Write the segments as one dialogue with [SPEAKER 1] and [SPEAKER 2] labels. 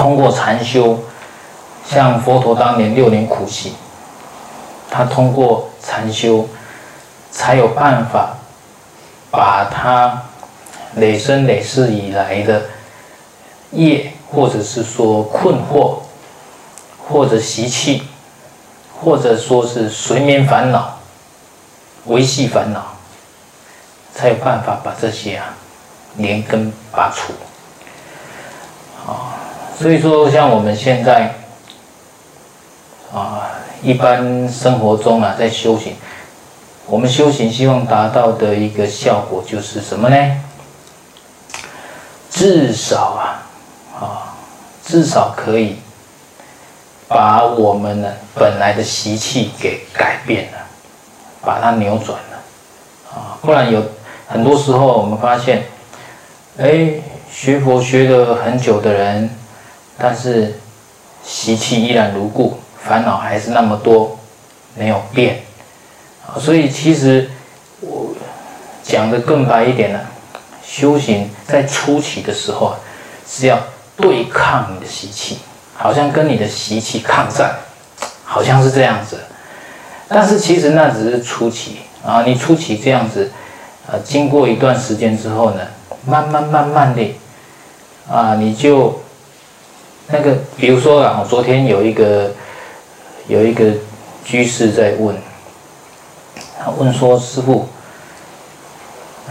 [SPEAKER 1] 通過禪修，像佛陀當年六年苦行，他通過禪修，才有辦法把他累生累世以來的業，或者是說困惑，或者習氣，或者說是隨眠煩惱、維繫煩惱，才有辦法把這些啊連根拔除。啊。所以說，像我們現在，啊，一般生活中啊，在修行，我們修行希望達到的一個效果就是什麼呢？至少啊，啊，至少可以把我們的本來的習氣給改變了，把它扭轉了，啊，不然有很多時候我們發現，哎，學佛學了很久的人。但是習氣依然如故，煩惱還是那麼多，沒有變啊。所以其實我講的更白一點呢，修行在初期的時候啊，是要對抗你的習氣，好像跟你的習氣抗戰，好像是這樣子。但是其實那只是初期啊，你初期這樣子，啊，經過一段時間之後呢，慢慢慢慢的啊，你就。那個，比如說啊，我昨天有一個有一個居士在問，他問說：“師父，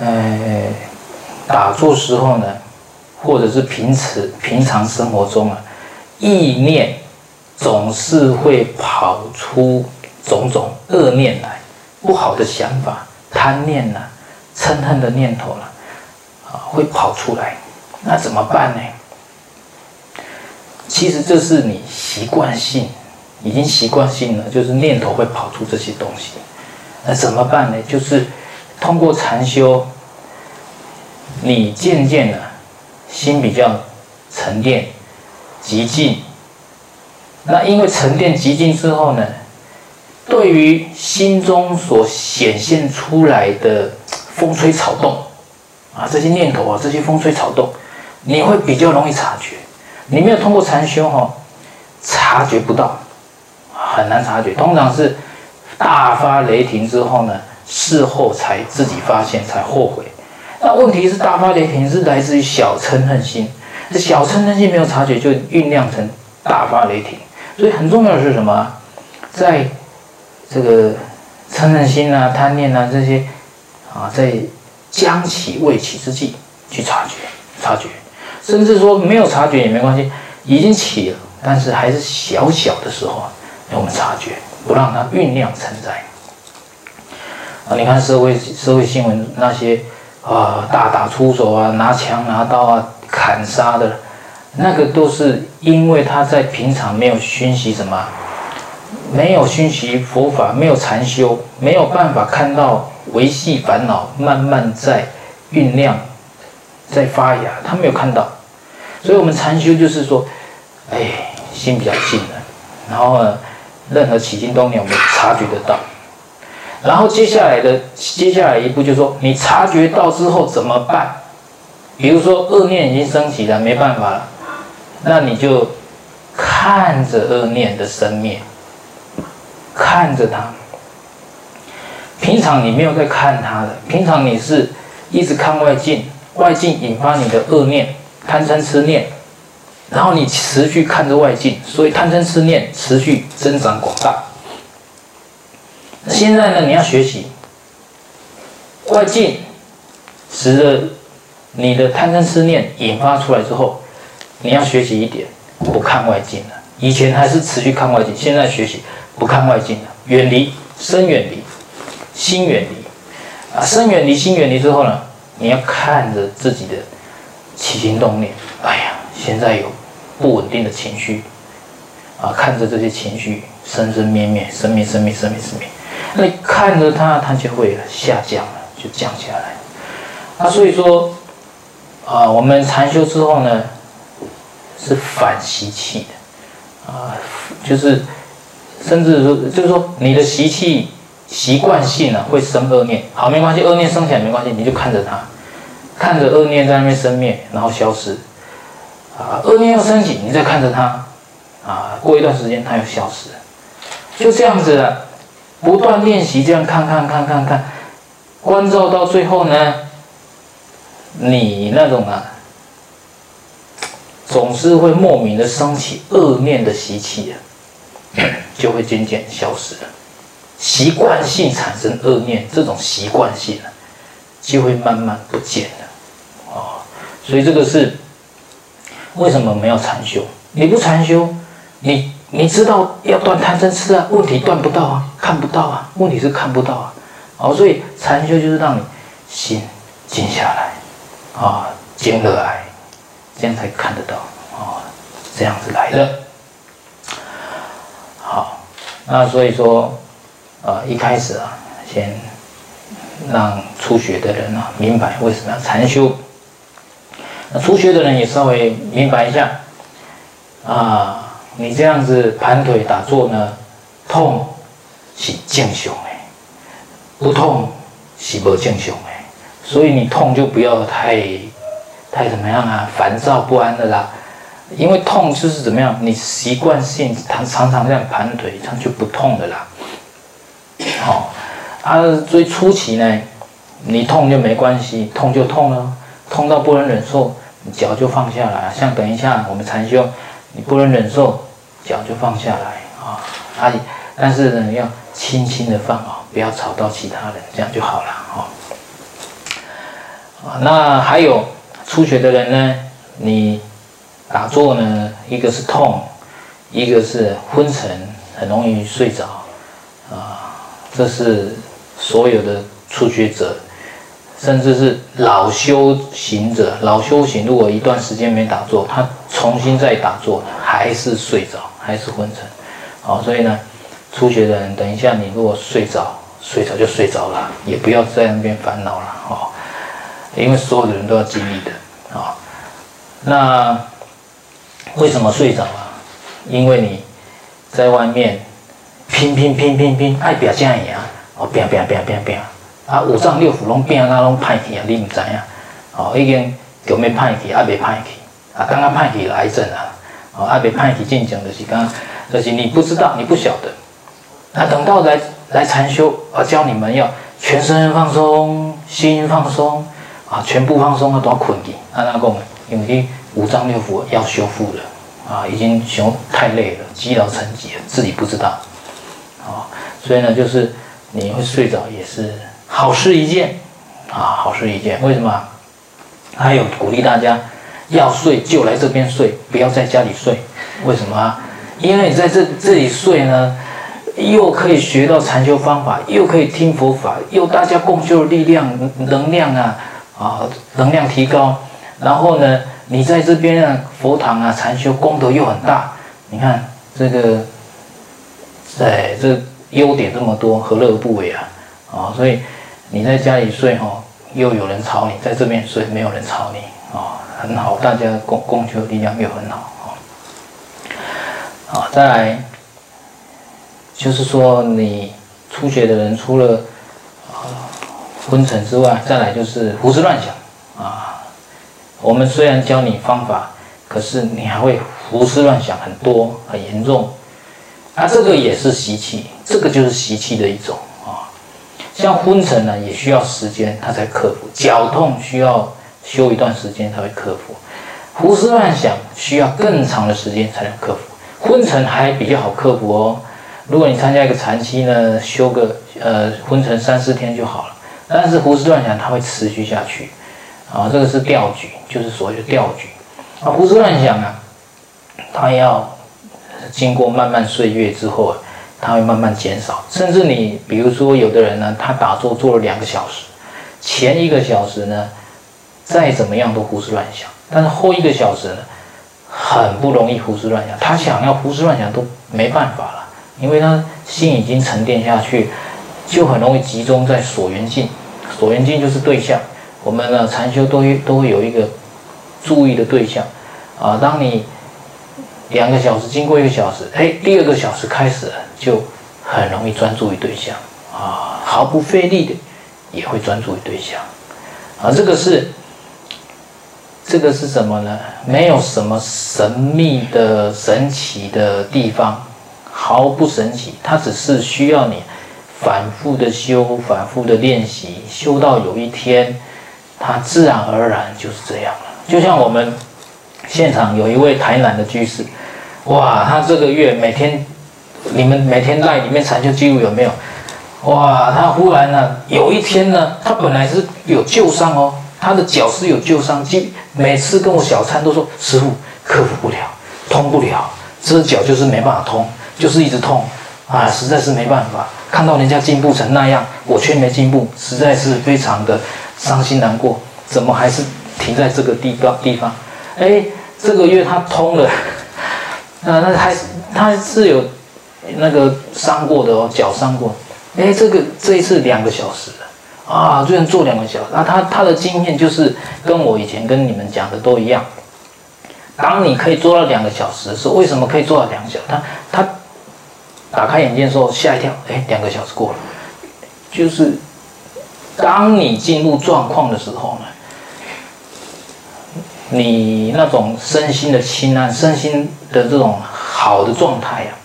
[SPEAKER 1] 哎，打坐時候呢，或者是平時平常生活中啊，意念總是會跑出種種惡念來，不好的想法、貪念吶、啊、嗔恨的念頭了啊，會跑出來，那怎麼辦呢？”其實這是你習慣性，已經習慣性了，就是念頭會跑出這些東西。那怎麼辦呢？就是通過禪修，你漸漸的，啊，心比較沉澱、極靜。那因為沉澱極靜之後呢，對於心中所顯現出來的風吹草動啊，這些念頭啊，這些風吹草動，你會比較容易察覺。你沒有通過禪修哈，察覺不到，很難察覺。通常是大發雷霆之後呢，事後才自己發現，才後悔。那問題是，大發雷霆是來自於小嗔恨心，這小嗔恨心沒有察覺，就醞釀成大發雷霆。所以很重要的是什麼？在這個嗔恨心啊、貪念啊這些啊，在將起未起之際去察覺，察覺。甚至說沒有察覺也沒關係，已經起了，但是還是小小的時候，讓我們察覺，不讓它醞釀成災。啊，你看社會社會新聞那些啊，大、呃、打、打出手啊，拿槍拿刀啊，砍殺的，那個都是因為他在平常沒有熏習什麼，沒有熏習佛法，沒有禪修，沒有辦法看到微細煩惱慢慢在醞釀，在發芽，他沒有看到。所以，我們禪修就是說，哎，心比較靜了，然後呢，任何起心動念我們察覺得到，然後接下來的接下來一步就是說，你察覺到之後怎麼辦？比如說惡念已經升起了，沒辦法了，那你就看着惡念的生滅，看着它。平常你沒有在看它的，平常你是一直看外境，外境引發你的惡念。貪嗔痴念，然後你持續看着外境，所以貪嗔痴念持續增長廣大。現在呢，你要學習外境，使得你的貪嗔痴念引發出來之後，你要學習一點不看外境了。以前還是持續看外境，現在學習不看外境了，遠離身遠離，心遠離啊，身遠離心遠離之後呢，你要看着自己的。起心動念，哎呀，現在有不穩定的情緒啊！看着這些情緒，生生滅滅，生滅生滅，生滅生滅。那你看着它，它就會下降了，就降下來。那所以說，啊，我們禪修之後呢，是反習氣的啊，就是甚至說，就是說你的習氣習慣性啊，會生惡念，好，沒關係，惡念生起來沒關係，你就看着它。看着惡念在那邊生滅，然後消失，啊，惡念又升起，你再看着它，啊，過一段時間它又消失，就這樣子啊，不斷練習這樣看看看看看看，關照到最後呢，你那種啊，總是會莫名的升起惡念的習氣啊，就會漸漸消失了，習慣性產生惡念這種習慣性啊，就會慢慢不見了。所以這個是為什麼沒有禪修？你不禪修，你你知道要斷貪嗔痴啊，問題斷不到啊，看不到啊，問題是看不到啊。哦，所以禪修就是讓你心靜下來啊，靜下來，這樣才看得到啊，這樣子來的。好，那所以說，啊，呃，一開始啊，先讓初學的人啊，明白為什麼要禪修。那初學的人也稍微明白一下，啊、呃，你這樣子盤腿打坐呢，痛是正常的，不痛是不正常的，所以你痛就不要太太怎麼樣啊，煩躁不安的啦，因為痛就是怎麼樣，你習慣性常常常這樣盤腿，它就不痛的啦。好、哦，啊，最初期呢，你痛就沒關係，痛就痛了。痛到不能忍受，你腳就放下來，像等一下我們禪修，你不能忍受，腳就放下來啊！啊，但是呢，你要輕輕地放啊，不要吵到其他人，這樣就好了啊！那還有初學的人呢，你打坐呢，一個是痛，一個是昏沉，很容易睡着啊！這是所有的初學者。甚至是老修行者，老修行如果一段時間沒打坐，他重新再打坐，還是睡着，還是昏沉。好，所以呢，初學的人，等一下你如果睡着，睡着就睡着了，也不要在那邊煩惱了。好，因為所有的人都要經歷的。好，那為什麼睡着啊？因為你在外面拼拼拼拼拼，愛表現一下，我變變變變變。啊，五臟六腑攏變啊，攏派去啊！你唔知影，哦，已經沒有派去，也未派去。啊，剛剛派去來一陣啦，哦、啊，也未壞去。真正的是剛剛，這、就是你不知道，你不曉得。那、啊、等到來來禪修，啊，教你們要全身放鬆，心放鬆，啊，全部放鬆啊，都要困去。按他講，因為五臟六腑要修復了，啊，已經修太累了，積勞成疾了，自己不知道。啊，所以呢，就是你會睡着也是。好事一件，啊，好事一件。為什麼？還有鼓勵大家，要睡就來這邊睡，不要在家裡睡。為什麼？因為你在這這裡睡呢，又可以學到禪修方法，又可以聽佛法，又大家共修的力量、能量啊，啊，能量提高。然後呢，你在這邊啊，佛堂啊，禪修功德又很大。你看這個，在、哎、這優點這麼多，何樂而不為啊？啊，所以。你在家裡睡哈，又有人吵你；在這邊睡，沒有人吵你，啊、哦，很好，大家共修的力量又很好，啊、哦，再來，就是說你初學的人除了昏沉、呃、之外，再來就是胡思亂想，啊，我們雖然教你方法，可是你還會胡思亂想很多，很嚴重，啊，這個也是習氣，這個就是習氣的一種。像昏沉呢，也需要時間，他才克服；腳痛需要修一段時間才會克服；胡思亂想需要更長的時間才能克服。昏沉還比較好克服哦，如果你參加一個禪七呢，修個呃昏沉三四天就好了。但是胡思亂想，它會持續下去，啊、哦，這個是掉舉，就是所謂的掉舉。啊，胡思亂想啊，他要經過漫漫歲月之後，他會慢慢減少，甚至你比如說有的人呢，他打坐坐了兩個小時，前一個小時呢，再怎麼樣都胡思亂想，但是後一個小時呢，很不容易胡思亂想，他想要胡思亂想都沒辦法了，因為他心已經沉澱下去，就很容易集中在所緣境，所緣境就是對象，我們呢禪修都會都會有一個注意的對象，啊、呃，當你兩個小時經過一個小時，哎，第二個小時開始了。就很容易專注於對象啊，毫不費力的也會專注於對象，而這個是這個是什麼呢？沒有什麼神祕的、神奇的地方，毫不神奇。它只是需要你反覆的修、反覆的練習，修到有一天，它自然而然就是這樣了。就像我們現場有一位台南的居士，哇，他這個月每天。你們每天賴裡面禪修記錄有沒有？哇，他忽然呢，有一天呢，他本來是有舊傷哦，他的腳是有舊傷，就每次跟我小參都說：“師父，克服不了，通不了，這腳就是沒辦法通，就是一直痛啊，實在是沒辦法。看到人家進步成那樣，我卻沒進步，實在是非常的傷心難過。怎麼還是停在這個地段地方？哎，這個月他通了，那、呃、那他他是有。那個傷過的哦，腳傷過。哎，這個這一次兩個小時啊，居然坐兩個小時。那、啊、他他的經驗就是跟我以前跟你們講的都一樣。當你可以坐到兩個小時的時候，為什麼可以坐到兩個小時？他他打開眼睛說，嚇一跳，哎，兩個小時過了。就是當你進入狀況的時候呢，你那種身心的輕安、身心的這種好的狀態呀、啊。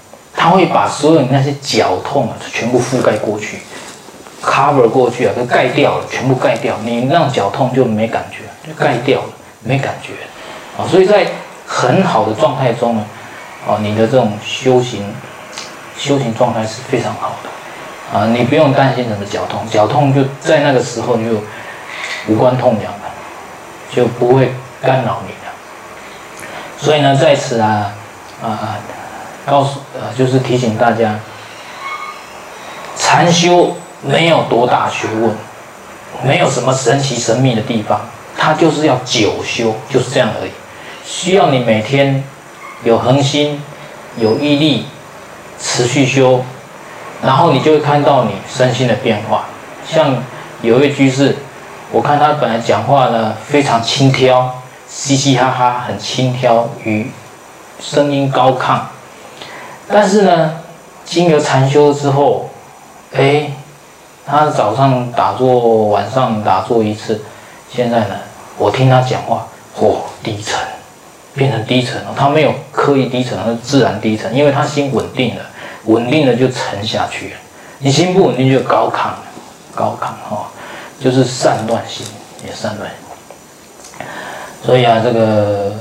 [SPEAKER 1] 它會把所有那些腳痛啊，全部覆蓋過去，cover 過去啊，都蓋掉了，全部蓋掉，你讓腳痛就沒感覺就蓋掉了，沒感覺啊。哦，所以在很好的狀態中呢，哦，你的這種修行，修行狀態是非常好的啊，你不用擔心什麼腳痛，腳痛就在那個時候就無關痛癢了，就不會干擾你了。所以呢，在此啊啊。告訴呃，就是提醒大家，禪修沒有多大學問，沒有什麼神奇神秘的地方，它就是要久修，就是這樣而已。需要你每天有恆心、有毅力，持續修，然後你就會看到你身心的變化。像有一位居士，我看他本來講話呢，非常輕佻，嘻嘻哈哈，很輕佻，與聲音高亢。但是呢，經由禪修之後，哎，他早上打坐，晚上打坐一次。現在呢，我聽他講話，嚯、哦，低沉，變成低沉了。他沒有刻意低沉，而是自然低沉，因為他心穩定了。穩定了就沉下去了。你心不穩定就高亢，高亢哈、哦，就是散亂心也散亂。所以啊，這個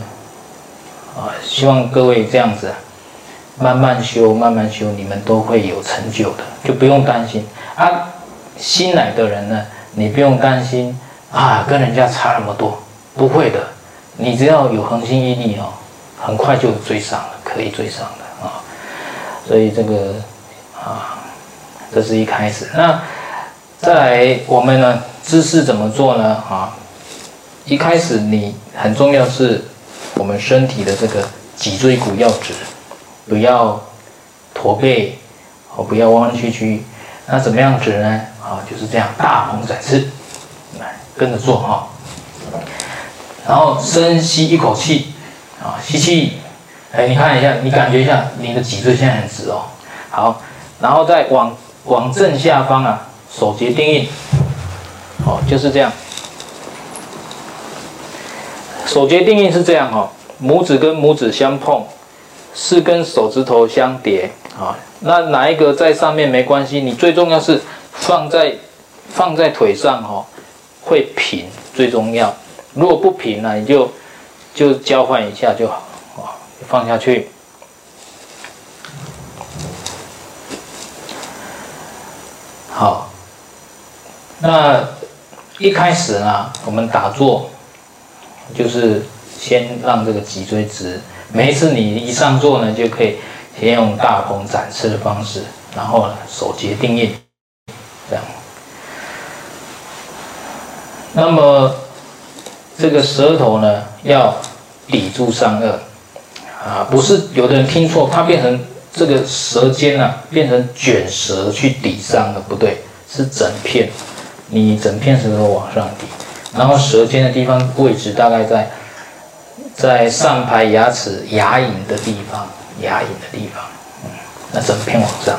[SPEAKER 1] 啊，希望各位這樣子。慢慢修，慢慢修，你們都會有成就的，就不用擔心啊。新來的人呢，你不用擔心啊，跟人家差那麼多，不會的。你只要有恆心毅力哦，很快就追上了，可以追上的啊。哦，所以這個啊，這是一開始。那再來，我們呢，姿勢怎麼做呢？啊，一開始你很重要是，我們身體的這個脊椎骨要直。不要駝背哦，不要彎彎曲曲。那怎麼樣子呢？啊，就是這樣，大鵬展翅，來跟着做哈。然後深吸一口氣啊，吸氣。哎，你看一下，你感覺一下，你的脊椎現在很直哦。好，然後再往往正下方啊，手結定印哦，就是這樣。手結定印是這樣哦，拇指跟拇指相碰。是跟手指頭相疊啊，那哪一個在上面沒關係，你最重要是放在放在腿上哦，會平最重要。如果不平呢，你就就交換一下就好，放下去。好，那一開始呢，我們打坐就是先讓這個脊椎直。每一次你一上座呢，就可以先用大鵬展翅的方式，然後呢，手結定印，這樣。那麼這個舌頭呢，要抵住上顎，啊，不是有的人聽錯，它，變成這個舌尖啊，變成捲舌去抵上顎，不對，是整片，你整片舌頭往上抵，然後舌尖的地方位置大概在，在上排牙齒牙齦的地方，牙齦的地方，嗯，那整片往上。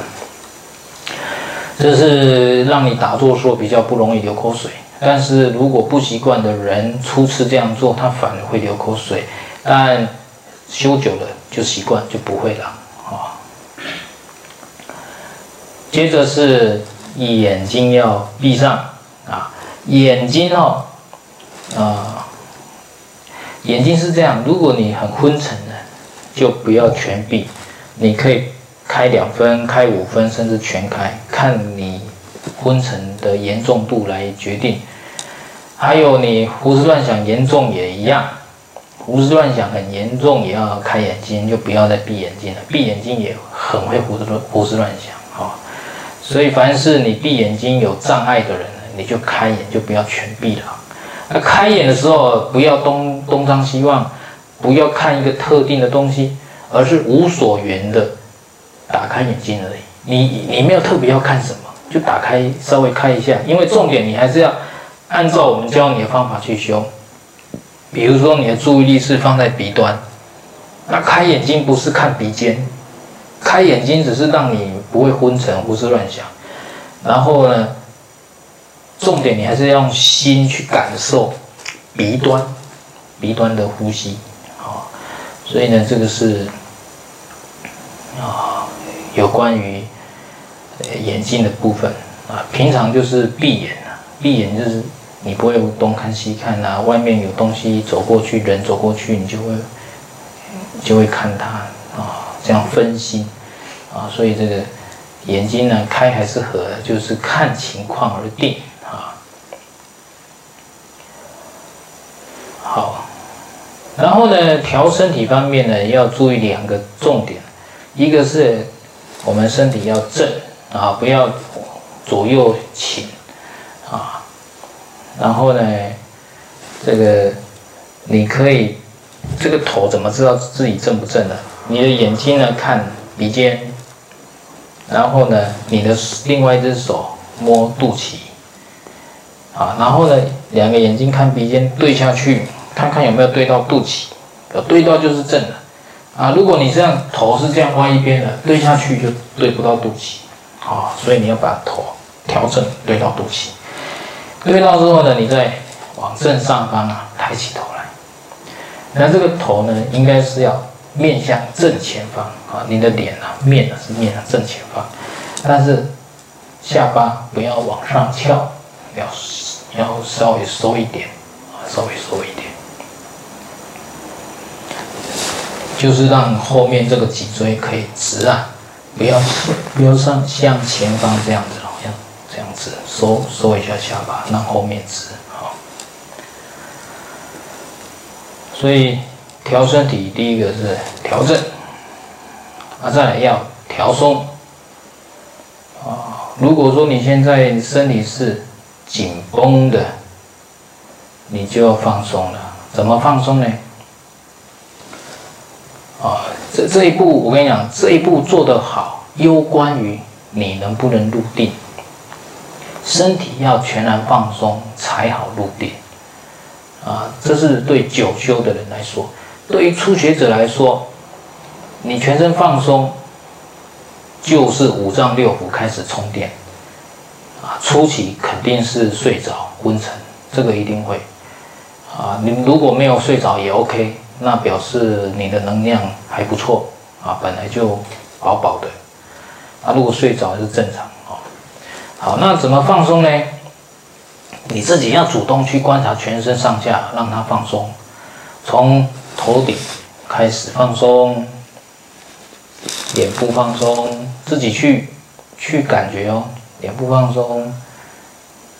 [SPEAKER 1] 這是讓你打坐說比較不容易流口水。但是如果不習慣的人，初次這樣做，他反而會流口水。但修久了就習慣，就不會了啊，哦。接着是眼睛要閉上啊，眼睛哦，啊，呃。眼睛是這樣，如果你很昏沉呢，就不要全閉，你可以開兩分、開五分，甚至全開，看你昏沉的嚴重度來決定。還有你胡思亂想嚴重也一樣，胡思亂想很嚴重也要開眼睛，就不要再閉眼睛了。閉眼睛也很會胡思亂胡思亂想啊，所以凡是你閉眼睛有障礙的人，你就開眼就不要全閉了。那開眼的時候不要東。東張西望，不要看一個特定的東西，而是無所緣的打開眼睛而已。你你沒有特別要看什麼，就打開，稍微開一下。因為重點你還是要按照我們教你的方法去修。比如說你的注意力是放在鼻端，那開眼睛不是看鼻尖，開眼睛只是讓你不會昏沉胡思亂想。然後呢，重點你還是要用心去感受鼻端。鼻端的呼吸，啊、哦，所以呢，這個是啊、哦，有關於眼睛的部分啊。平常就是閉眼啊，閉眼就是你不會東看西看啦、啊，外面有東西走過去，人走過去，你就會就會看它啊、哦，這樣分心啊、哦。所以這個眼睛呢，開還是合，就是看情況而定。然後呢，調身體方面呢，要注意兩個重點，一個是我們身體要正啊，不要左右傾啊。然後呢，這個你可以這個頭怎麼知道自己正不正呢？你的眼睛呢，看鼻尖，然後呢，你的另外一隻手摸肚臍啊，然後呢，兩個眼睛看鼻尖對下去。看看有沒有對到肚臍，有對到就是正的，啊，如果你這樣頭是這樣歪一邊的，對下去就對不到肚臍，啊，所以你要把頭調整對到肚臍，對到之後呢，你再往正上方啊抬起頭來，那這個頭呢，應該是要面向正前方啊，你的臉啊面呢，是面向正前方，但是下巴不要往上翹，要要稍微收一點啊，稍微收一點。就是讓後面這個脊椎可以直啊，不要不要像向前方這樣子，好像這樣子收收一下下巴，讓後面直好。所以調身體第一個是調正啊，再來要調鬆啊。如果說你現在身體是緊繃的，你就要放鬆了。怎麼放鬆呢？這這一步，我跟你講，這一步做得好，攸關於你能不能入定。身體要全然放鬆才好入定，啊，這是對久修的人來說，對於初學者來說，你全身放鬆，就是五臟六腑開始充電，啊，初期肯定是睡着昏沉，這個一定會，啊，你如果沒有睡着也 OK。那表示你的能量還不錯啊，本來就飽飽的啊，如果睡着是正常啊。好，那怎麼放鬆呢？你自己要主動去觀察全身上下，讓它放鬆。從頭頂開始放鬆，臉部放鬆，自己去去感覺哦。臉部放鬆，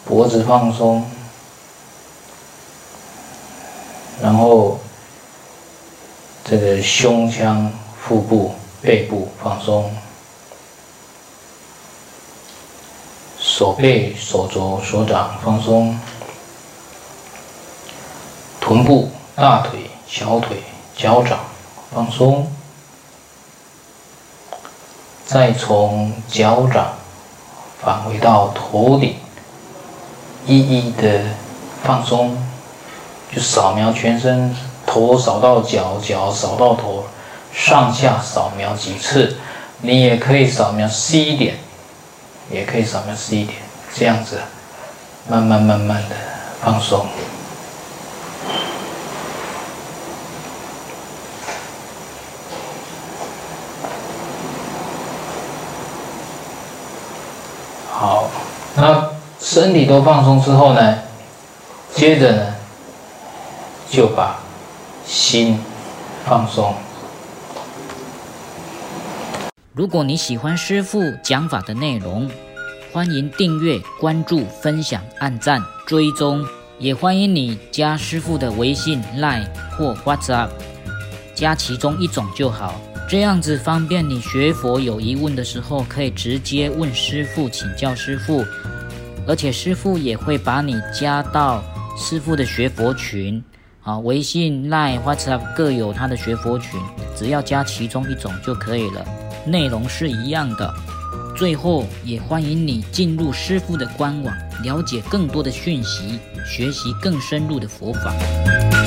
[SPEAKER 1] 脖子放鬆，然後。那、這個胸腔、腹部、背部放鬆，手背、手肘、手掌放鬆，臀部、大腿、小腿、腳掌放鬆，再從腳掌返回到頭頂，一一的放鬆，就掃描全身。頭掃到腳，腳掃到頭，上下掃描幾次，你也可以掃描細一點，也可以掃描細一點，這樣子，慢慢慢慢的放鬆。好，那身體都放鬆之後呢，接着呢，就把。心放鬆。如果你喜歡師父講法的內容，歡迎訂閱、關注、分享、按讚、追蹤，也歡迎你加師父的微信、Line 或 WhatsApp，加其中一種就好。這樣子方便你學佛有疑問的時候可以直接問師父，請教師父，而且師父也會把你加到師父的學佛群。啊，微信、Line、WhatsApp 各有他的學佛群，只要加其中一種就可以了。內容是一樣的。最後，也歡迎你進入師父的官網，了解更多的訊息，學習更深入的佛法。